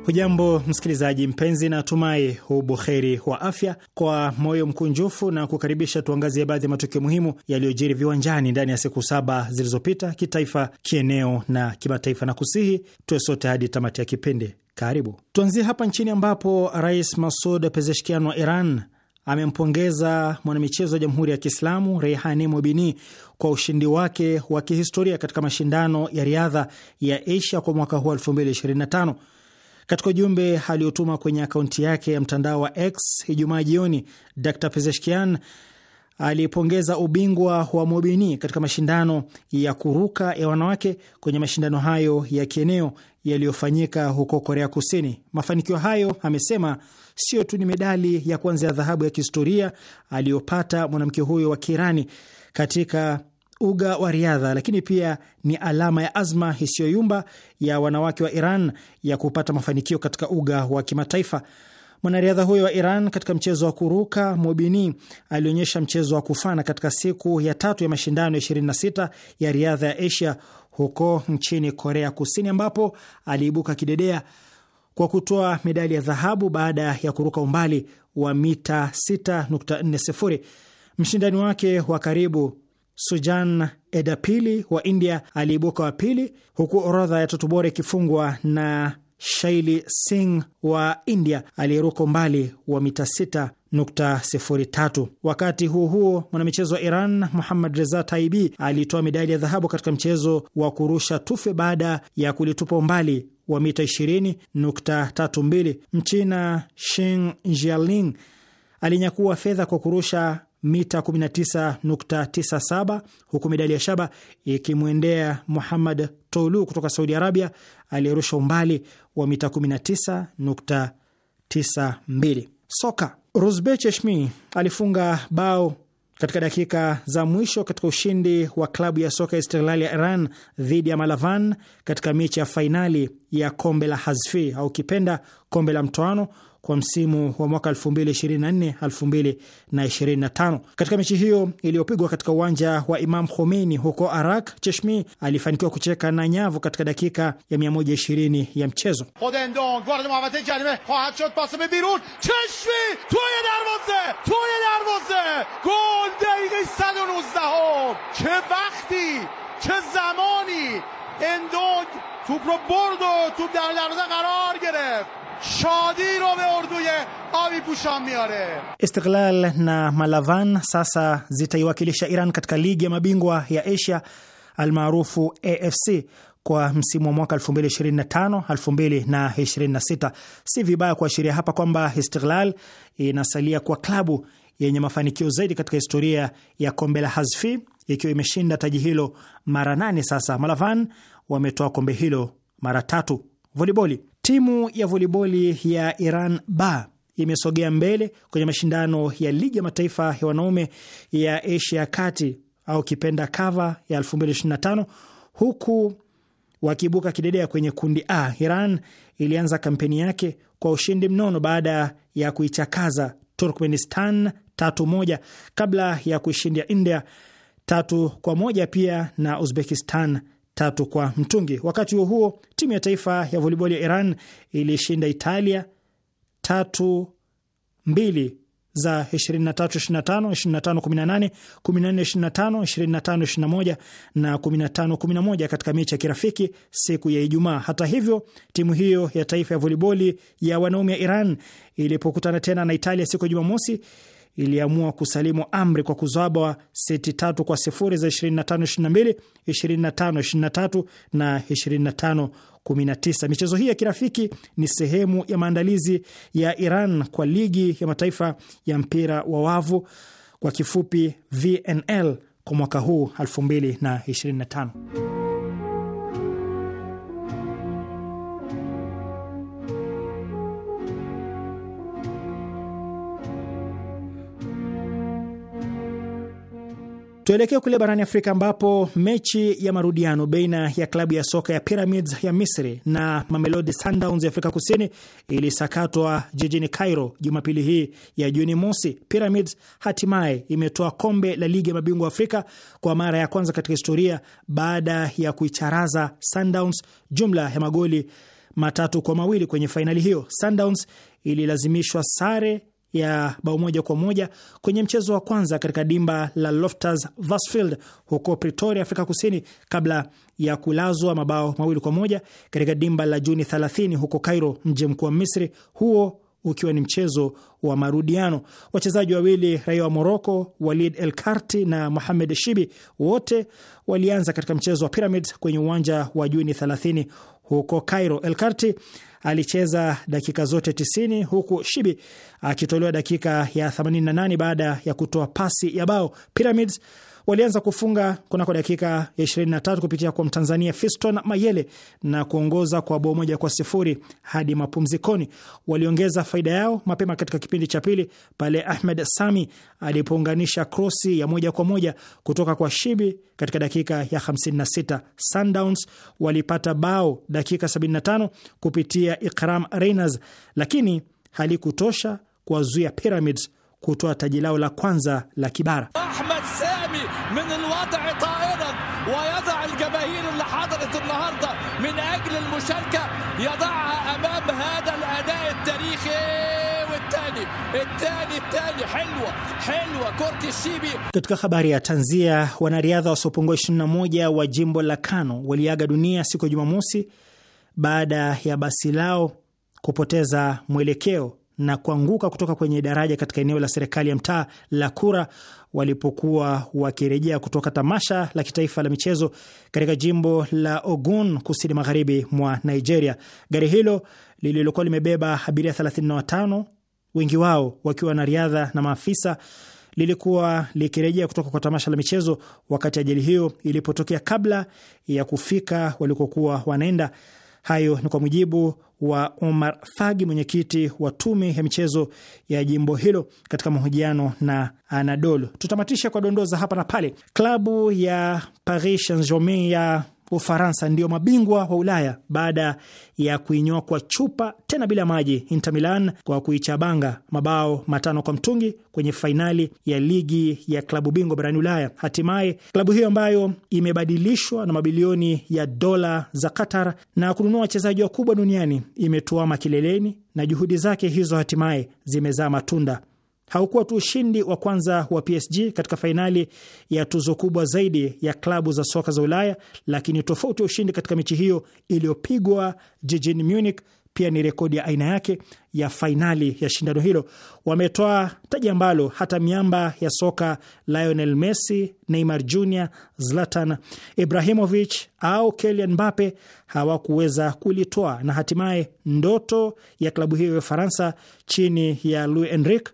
Hujambo msikilizaji mpenzi, na tumai ubuheri wa afya. Kwa moyo mkunjufu na kukaribisha, tuangazie baadhi ya matukio muhimu yaliyojiri viwanjani ndani ya siku saba zilizopita, kitaifa, kieneo na kimataifa, na kusihi tuwe sote hadi tamati ya kipindi. Karibu tuanzie hapa nchini ambapo Rais Masud Pezeshkian wa Iran amempongeza mwanamichezo wa Jamhuri ya Kiislamu Reihani Mobini kwa ushindi wake wa kihistoria katika mashindano ya riadha ya Asia kwa mwaka huu 2025. Katika ujumbe aliotuma kwenye akaunti yake ya mtandao wa X Ijumaa jioni, Dr Pezeshkian alipongeza ubingwa wa Mobini katika mashindano ya kuruka ya wanawake kwenye mashindano hayo ya kieneo yaliyofanyika huko Korea Kusini. Mafanikio hayo, amesema, sio tu ni medali ya kwanza ya dhahabu ya kihistoria aliyopata mwanamke huyo wa Kirani katika uga wa riadha, lakini pia ni alama ya azma isiyoyumba ya wanawake wa Iran ya kupata mafanikio katika uga wa kimataifa. Mwanariadha huyo wa Iran katika mchezo wa kuruka Mobini alionyesha mchezo wa kufana katika siku ya tatu ya mashindano ya 26 ya riadha ya Asia huko nchini Korea Kusini, ambapo aliibuka kidedea kwa kutoa medali ya dhahabu baada ya kuruka umbali wa mita 6.40. Mshindani wake wa karibu Sujan Edapili wa India aliibuka wa pili, huku orodha ya tatu bora ikifungwa na Shaili Singh wa India aliyeruka umbali wa mita 6.03. Wakati huo huo, mwanamichezo wa Iran Muhammad Reza Taibi alitoa medali ya dhahabu katika mchezo wa kurusha tufe baada ya kulitupa umbali wa mita 20.32. Mchina Sheng Jialing alinyakua fedha kwa kurusha mita 19.97 huku medali ya shaba ikimwendea Muhammad tolu kutoka Saudi Arabia aliyerusha umbali wa mita 19.92. Soka, Ruzbe Cheshmi alifunga bao katika dakika za mwisho katika ushindi wa klabu ya soka istiklal ya Iran dhidi ya Malavan katika mechi ya fainali ya kombe la Hazfi au kipenda kombe la mtoano kwa msimu wa mwaka 2024 2025. Katika mechi hiyo iliyopigwa katika uwanja wa Imam Khomeini huko Arak, Cheshmi alifanikiwa kucheka na nyavu katika dakika ya 120 ya mchezo. Endog, شادی رو به اردوی آبی پوشان میاره. Istiklal na Malavan sasa zitaiwakilisha Iran katika ligi ya mabingwa ya Asia almaarufu AFC kwa msimu wa mwaka 2025 2026. Si vibaya kuashiria hapa kwamba Istiklal inasalia kwa klabu yenye mafanikio zaidi katika historia ya kombe la Hazfi ikiwa imeshinda taji hilo mara nane. Sasa Malavan wametoa kombe hilo mara tatu. Voliboli Timu ya voliboli ya Iran ba imesogea mbele kwenye mashindano ya ligi ya mataifa ya wanaume ya Asia ya kati au kipenda kava ya 2025 huku wakiibuka kidedea kwenye kundi A. Iran ilianza kampeni yake kwa ushindi mnono baada ya kuichakaza Turkmenistan tatu moja kabla ya kuishindia India tatu kwa moja pia na Uzbekistan tatu kwa mtungi. Wakati huo huo, timu ya taifa ya voliboli ya Iran ilishinda Italia tatu mbili za 23 25, 25 18, 14 25, 25 21 na 15 11 katika mechi ya kirafiki siku ya Ijumaa. Hata hivyo, timu hiyo ya taifa ya voliboli ya wanaume ya Iran ilipokutana tena na Italia siku ya Jumamosi iliamua kusalimu amri kwa kuzaba seti tatu kwa sifuri za 25-22, 25-23 na 25-19. Michezo hii ya kirafiki ni sehemu ya maandalizi ya Iran kwa ligi ya mataifa ya mpira wa wavu kwa kifupi VNL kwa mwaka huu 2025. Tuelekee kule barani Afrika ambapo mechi ya marudiano baina ya klabu ya soka ya Pyramids ya Misri na Mamelodi Sundowns ya Afrika Kusini ilisakatwa jijini Cairo Jumapili hii ya Juni mosi. Pyramids hatimaye imetoa kombe la ligi ya mabingwa Afrika kwa mara ya kwanza katika historia baada ya kuicharaza Sundowns jumla ya magoli matatu kwa mawili kwenye fainali hiyo. Sundowns ililazimishwa sare ya bao moja kwa moja kwenye mchezo wa kwanza katika dimba la Loftus Versfeld huko Pretoria, Afrika Kusini, kabla ya kulazwa mabao mawili kwa moja katika dimba la Juni 30 huko Cairo, mji mkuu wa Misri, huo ukiwa ni mchezo wa marudiano. Wachezaji wawili raia wa Moroko, Walid El Karti na Mohamed Shibi, wote walianza katika mchezo wa Pyramid kwenye uwanja wa Juni 30 huko Cairo. El Karti alicheza dakika zote 90 huku Shibi akitolewa dakika ya 88 baada ya kutoa pasi ya bao. Pyramids walianza kufunga kunako dakika ya 23 kupitia kwa Mtanzania Fiston Mayele na kuongoza kwa bao moja kwa sifuri hadi mapumzikoni. Waliongeza faida yao mapema katika kipindi cha pili pale Ahmed Sami alipounganisha krosi ya moja kwa moja kutoka kwa Shibi katika dakika ya 56. Sundowns walipata bao dakika 75 kupitia Ikram Reyners, lakini halikutosha kuwazuia Pyramids kutoa taji lao la kwanza la kibara Ahmed. ينقطع طائرا ويضع الجماهير اللي حضرت النهارده من اجل المشاركه يضعها امام هذا الاداء التاريخي والتاني التاني التاني حلوه حلوه كرة الشيبي. Katika habari ya tanzia, wanariadha wasiopungua 21 wa jimbo la Kano waliaga dunia siku ya Jumamosi baada ya basi lao kupoteza mwelekeo na kuanguka kutoka kwenye daraja katika eneo la serikali ya mtaa la Kura walipokuwa wakirejea kutoka tamasha la kitaifa la michezo katika jimbo la Ogun kusini magharibi mwa Nigeria. Gari hilo lililokuwa limebeba abiria 35 wengi wao wakiwa na riadha na maafisa, lilikuwa likirejea kutoka kwa tamasha la michezo wakati ajali hiyo ilipotokea, kabla ya kufika walikokuwa wanaenda Hayo ni kwa mujibu wa Omar Fagi, mwenyekiti wa tume ya michezo ya jimbo hilo katika mahojiano na Anadolu. Tutamatisha kwa dondoza hapa na pale. Klabu ya Paris Saint Germain ya Ufaransa ndio mabingwa wa Ulaya baada ya kuinywa kwa chupa tena bila maji Inter Milan kwa kuichabanga mabao matano kwa mtungi kwenye fainali ya ligi ya klabu bingwa barani Ulaya. Hatimaye klabu hiyo ambayo imebadilishwa na mabilioni ya dola za Qatar na kununua wachezaji wakubwa duniani imetuama kileleni, na juhudi zake hizo hatimaye zimezaa matunda haukuwa tu ushindi wa kwanza wa PSG katika fainali ya tuzo kubwa zaidi ya klabu za soka za Ulaya, lakini tofauti ya ushindi katika mechi hiyo iliyopigwa jijini Munich pia ni rekodi ya aina yake ya fainali ya shindano hilo. Wametoa taji ambalo hata miamba ya soka Lionel Messi, Neymar Jr, Zlatan ibrahimovich au Kylian Mbappe hawakuweza kulitoa, na hatimaye ndoto ya klabu hiyo ya Ufaransa chini ya Louis Enrique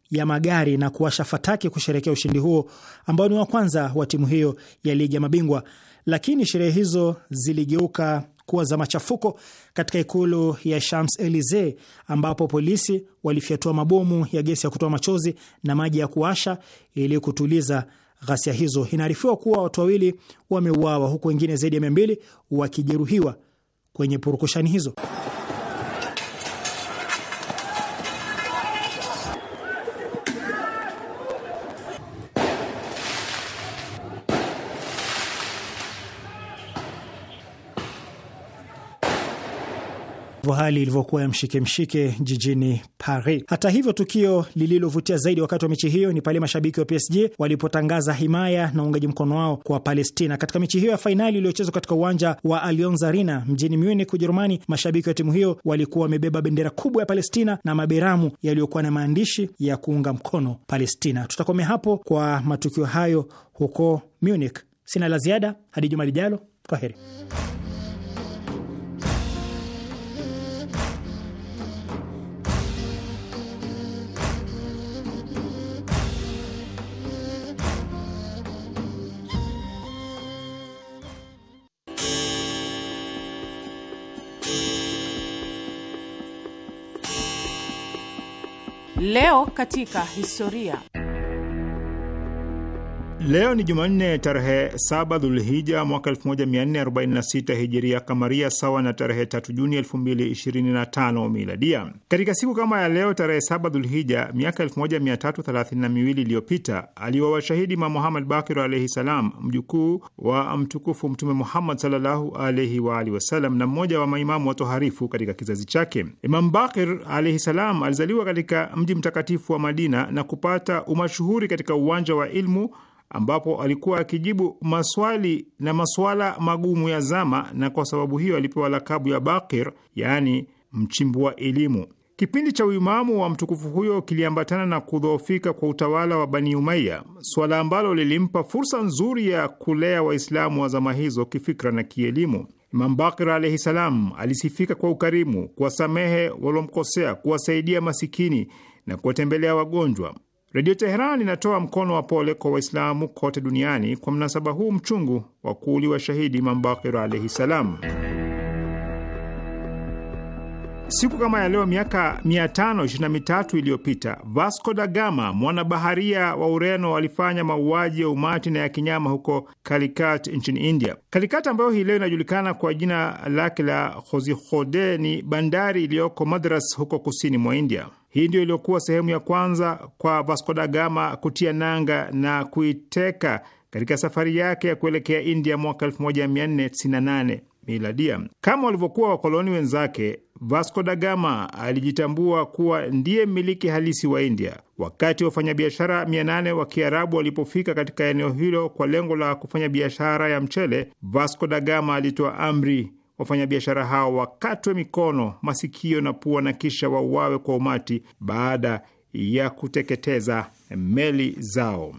ya magari na kuwasha fataki kusherekea ushindi huo ambao ni wa kwanza wa timu hiyo ya ligi ya mabingwa. Lakini sherehe hizo ziligeuka kuwa za machafuko katika ikulu ya Shams Elize, ambapo polisi walifyatua mabomu ya gesi ya kutoa machozi na maji ya kuasha ili kutuliza ghasia hizo. Inaarifiwa kuwa watu wawili wameuawa huku wengine zaidi ya mia mbili wakijeruhiwa kwenye purukushani hizo. ndivyo hali ilivyokuwa ya mshike mshike jijini Paris. Hata hivyo, tukio lililovutia zaidi wakati wa mechi hiyo ni pale mashabiki wa PSG walipotangaza himaya na uungaji mkono wao kwa Palestina katika mechi hiyo ya fainali iliyochezwa katika uwanja wa Allianz Arena mjini Munich, Ujerumani. Mashabiki wa timu hiyo walikuwa wamebeba bendera kubwa ya Palestina na maberamu yaliyokuwa na maandishi ya kuunga mkono Palestina. Tutakomea hapo kwa matukio hayo huko Munich. Sina la ziada hadi juma lijalo. Kwa heri. Leo katika historia Leo ni Jumanne tarehe saba Dhulhija mwaka 1446 hijiria kamaria, sawa na tarehe tatu Juni 2025 miladia. Katika siku kama ya leo tarehe saba Dhulhija miaka 1332 iliyopita aliwa shahidi Imam Muhammad Bakir alaihi salam, mjukuu wa mtukufu Mtume Muhammad sallallahu alaihi wa alihi wasallam na mmoja wa maimamu watoharifu katika kizazi chake. Imam Bakir alaihi salam alizaliwa katika mji mtakatifu wa Madina na kupata umashuhuri katika uwanja wa ilmu ambapo alikuwa akijibu maswali na masuala magumu ya zama, na kwa sababu hiyo alipewa lakabu ya Bakir, yaani mchimbua elimu. Kipindi cha uimamu wa mtukufu huyo kiliambatana na kudhoofika kwa utawala wa Bani Umaya, suala ambalo lilimpa fursa nzuri ya kulea Waislamu wa zama hizo kifikra na kielimu. Imam Bakir alaihi salam alisifika kwa ukarimu, kuwasamehe waliomkosea, kuwasaidia masikini na kuwatembelea wagonjwa. Redio Teheran inatoa mkono wa pole kwa Waislamu kote duniani kwa mnasaba huu mchungu wa kuuliwa shahidi imam Bakir alaihi salam. Siku kama ya leo miaka 523 iliyopita Vasco da Gama, mwanabaharia wa Ureno, alifanya mauaji ya umati na ya kinyama huko kalikat nchini India. Kalikat ambayo hii leo inajulikana kwa jina lake la Kozhikode ni bandari iliyoko Madras huko kusini mwa India. Hii ndio iliyokuwa sehemu ya kwanza kwa Vasco da Gama kutia nanga na kuiteka katika safari yake ya kuelekea India mwaka 1498 miladia. Kama walivyokuwa wakoloni wenzake, Vasco da Gama alijitambua kuwa ndiye mmiliki halisi wa India. Wakati wafanyabiashara 800 wa Kiarabu walipofika katika eneo hilo kwa lengo la kufanya biashara ya mchele, Vasco da Gama alitoa amri wafanyabiashara hao wakatwe mikono, masikio na pua na kisha wauawe kwa umati baada ya kuteketeza meli zao.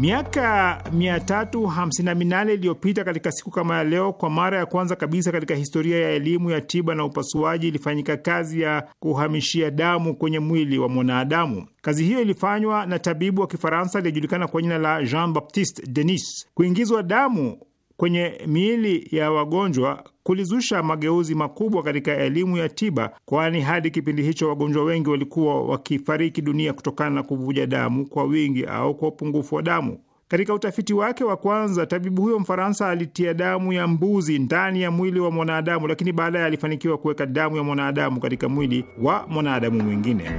Miaka 358 iliyopita katika siku kama ya leo, kwa mara ya kwanza kabisa katika historia ya elimu ya tiba na upasuaji, ilifanyika kazi ya kuhamishia damu kwenye mwili wa mwanadamu. Kazi hiyo ilifanywa na tabibu wa Kifaransa aliyejulikana kwa jina la Jean Baptiste Denis. Kuingizwa damu kwenye miili ya wagonjwa kulizusha mageuzi makubwa katika elimu ya tiba, kwani hadi kipindi hicho wagonjwa wengi walikuwa wakifariki dunia kutokana na kuvuja damu kwa wingi au kwa upungufu wa damu. Katika utafiti wake wa kwanza, tabibu huyo Mfaransa alitia damu ya mbuzi ndani ya mwili wa mwanadamu, lakini baadaye alifanikiwa kuweka damu ya mwanadamu katika mwili wa mwanadamu mwingine.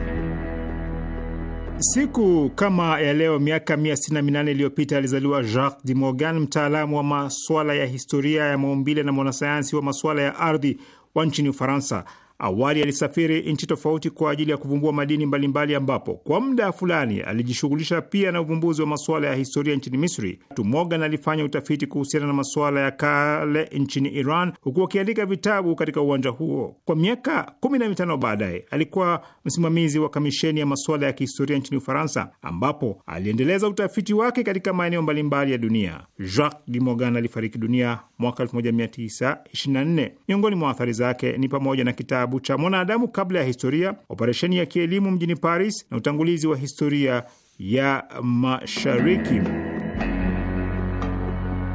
Siku kama ya leo miaka 168 iliyopita alizaliwa Jacques de Morgan, mtaalamu wa maswala ya historia ya maumbile na mwanasayansi wa maswala ya ardhi wa nchini Ufaransa. Awali alisafiri nchi tofauti kwa ajili ya kuvumbua madini mbalimbali, ambapo kwa muda fulani alijishughulisha pia na uvumbuzi wa masuala ya historia nchini Misri. tumogan alifanya utafiti kuhusiana na masuala ya kale nchini Iran, huku akiandika vitabu katika uwanja huo. Kwa miaka kumi na mitano baadaye alikuwa msimamizi wa kamisheni ya masuala ya kihistoria nchini Ufaransa, ambapo aliendeleza utafiti wake katika maeneo mbalimbali ya dunia. Jacques de mogan alifariki dunia mwaka 1924. Miongoni mwa athari zake ni pamoja na kitabu kitabu cha mwanadamu kabla ya historia, operesheni ya kielimu mjini Paris na utangulizi wa historia ya Mashariki.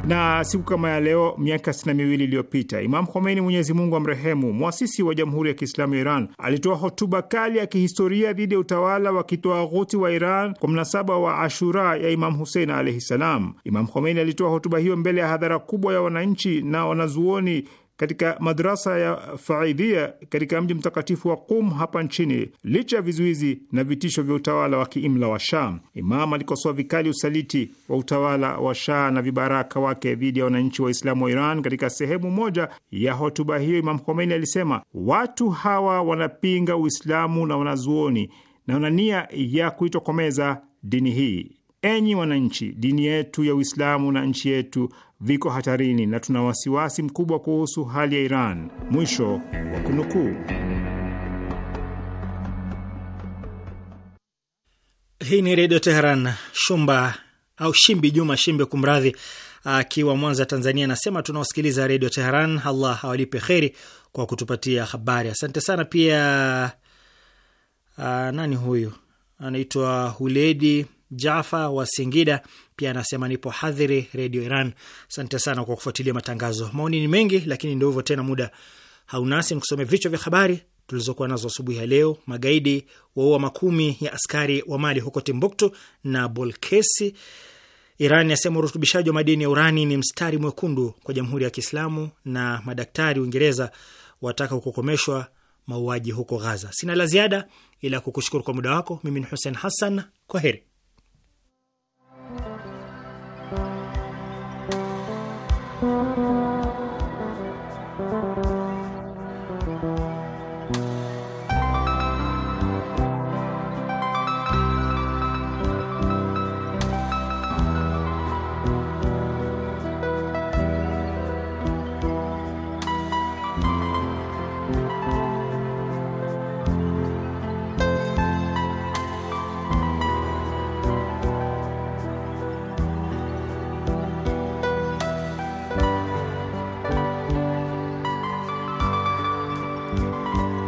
Na siku kama ya leo miaka sitini na miwili iliyopita Imam Khomeini, Mwenyezi Mungu amrehemu, mwasisi wa Jamhuri ya Kiislamu ya Iran, alitoa hotuba kali ya kihistoria dhidi ya utawala wa kitwaghuti wa Iran kwa mnasaba wa Ashura ya Imam Husein alaihi ssalam. Imam Khomeini alitoa hotuba hiyo mbele ya hadhara kubwa ya wananchi na wanazuoni katika madrasa ya Faidhia katika mji mtakatifu wa Qum hapa nchini, licha ya vizuizi na vitisho vya utawala wa kiimla wa Shah. Imam alikosoa vikali usaliti wa utawala wa Shah na vibaraka wake dhidi ya wananchi Waislamu wa Iran. Katika sehemu moja ya hotuba hiyo, Imam Khomeini alisema, watu hawa wanapinga Uislamu na wanazuoni na wana nia ya kuitokomeza dini hii. Enyi wananchi, dini yetu ya Uislamu na nchi yetu viko hatarini na tuna wasiwasi mkubwa kuhusu hali ya Iran. Mwisho wa kunukuu. Hii ni Redio Teheran. Shumba au Shimbi Juma Shimbi, kumradhi, akiwa Mwanza, Tanzania, anasema tunaosikiliza Redio Teheran, Allah awalipe kheri kwa kutupatia habari. Asante sana pia. A, nani huyu anaitwa Huledi Jafa wa Singida pia anasema nipo hadhiri Redio Iran. Asante sana kwa kufuatilia matangazo. Maoni ni mengi, lakini ndio hivyo tena, muda haunasi. Nikusomea vichwa vya habari tulizokuwa nazo asubuhi ya leo. Magaidi waua makumi ya askari wa Mali huko Timbuktu na Bolkesi. Iran yasema urutubishaji wa madini ya urani ni mstari mwekundu kwa Jamhuri ya Kiislamu, na madaktari Uingereza wataka kukomeshwa mauaji huko Ghaza. Sina la ziada ila kukushukuru kwa muda wako. Mimi ni Hussein Hassan, kwa heri. you.